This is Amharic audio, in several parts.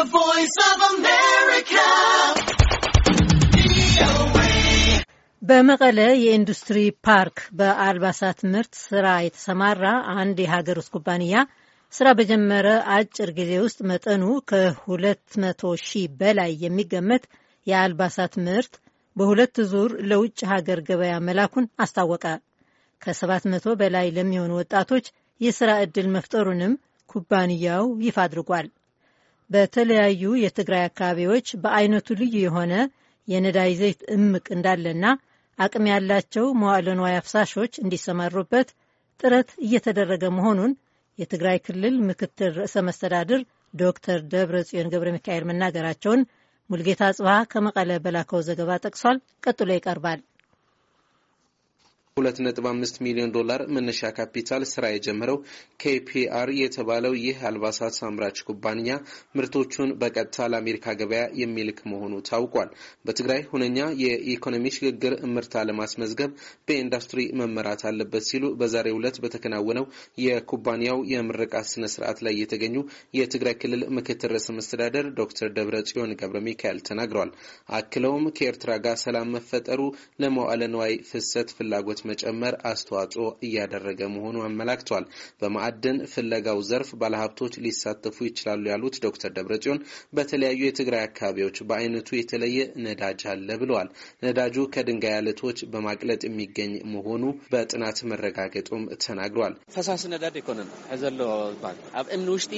The Voice of America. በመቀለ የኢንዱስትሪ ፓርክ በአልባሳት ምርት ስራ የተሰማራ አንድ የሀገር ውስጥ ኩባንያ ስራ በጀመረ አጭር ጊዜ ውስጥ መጠኑ ከ200 ሺህ በላይ የሚገመት የአልባሳት ምርት በሁለት ዙር ለውጭ ሀገር ገበያ መላኩን አስታወቀ። ከ700 በላይ ለሚሆኑ ወጣቶች የስራ ዕድል መፍጠሩንም ኩባንያው ይፋ አድርጓል። በተለያዩ የትግራይ አካባቢዎች በአይነቱ ልዩ የሆነ የነዳጅ ዘይት እምቅ እንዳለና አቅም ያላቸው መዋዕለ ንዋይ አፍሳሾች እንዲሰማሩበት ጥረት እየተደረገ መሆኑን የትግራይ ክልል ምክትል ርዕሰ መስተዳድር ዶክተር ደብረ ጽዮን ገብረ ሚካኤል መናገራቸውን ሙልጌታ ጽባህ ከመቀለ በላከው ዘገባ ጠቅሷል። ቀጥሎ ይቀርባል። 2.5 ሚሊዮን ዶላር መነሻ ካፒታል ስራ የጀመረው ኬፒአር የተባለው ይህ አልባሳት አምራች ኩባንያ ምርቶቹን በቀጥታ ለአሜሪካ ገበያ የሚልክ መሆኑ ታውቋል። በትግራይ ሁነኛ የኢኮኖሚ ሽግግር እምርታ ለማስመዝገብ በኢንዱስትሪ መመራት አለበት ሲሉ በዛሬው ዕለት በተከናወነው የኩባንያው የምርቃት ስነ ስርዓት ላይ የተገኙ የትግራይ ክልል ምክትል ርዕሰ መስተዳደር ዶክተር ደብረ ጽዮን ገብረ ሚካኤል ተናግረዋል። አክለውም ከኤርትራ ጋር ሰላም መፈጠሩ ለመዋለነዋይ ንዋይ ፍሰት ፍላጎት መጨመር አስተዋጽኦ እያደረገ መሆኑ አመላክቷል። በማዕድን ፍለጋው ዘርፍ ባለሀብቶች ሊሳተፉ ይችላሉ ያሉት ዶክተር ደብረጽዮን በተለያዩ የትግራይ አካባቢዎች በአይነቱ የተለየ ነዳጅ አለ ብለዋል። ነዳጁ ከድንጋይ አለቶች በማቅለጥ የሚገኝ መሆኑ በጥናት መረጋገጡም ተናግሯል። ፈሳሲ ነዳድ ይኮነን ዘሎ እምኒ ውሽጢ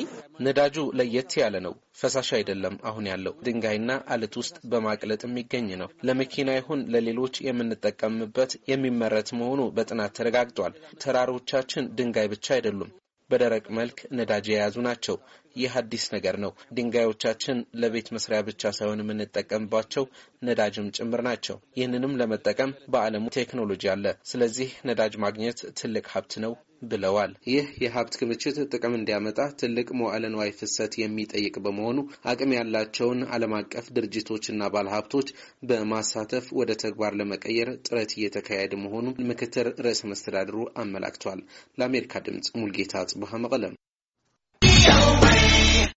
ነዳጁ ለየት ያለ ነው። ፈሳሽ አይደለም። አሁን ያለው ድንጋይና አለት ውስጥ በማቅለጥ የሚገኝ ነው። ለመኪና ይሁን ለሌሎች የምንጠቀምበት የሚመረት መሆኑ በጥናት ተረጋግጧል። ተራሮቻችን ድንጋይ ብቻ አይደሉም፣ በደረቅ መልክ ነዳጅ የያዙ ናቸው። ይህ አዲስ ነገር ነው። ድንጋዮቻችን ለቤት መስሪያ ብቻ ሳይሆን የምንጠቀምባቸው ነዳጅም ጭምር ናቸው። ይህንንም ለመጠቀም በዓለሙ ቴክኖሎጂ አለ። ስለዚህ ነዳጅ ማግኘት ትልቅ ሀብት ነው ብለዋል። ይህ የሀብት ክምችት ጥቅም እንዲያመጣ ትልቅ መዋዕለ ንዋይ ፍሰት የሚጠይቅ በመሆኑ አቅም ያላቸውን ዓለም አቀፍ ድርጅቶችና ባለሀብቶች በማሳተፍ ወደ ተግባር ለመቀየር ጥረት እየተካሄደ መሆኑን ምክትል ርዕሰ መስተዳድሩ አመላክቷል። ለአሜሪካ ድምጽ ሙልጌታ ጽቡሃ መቀለም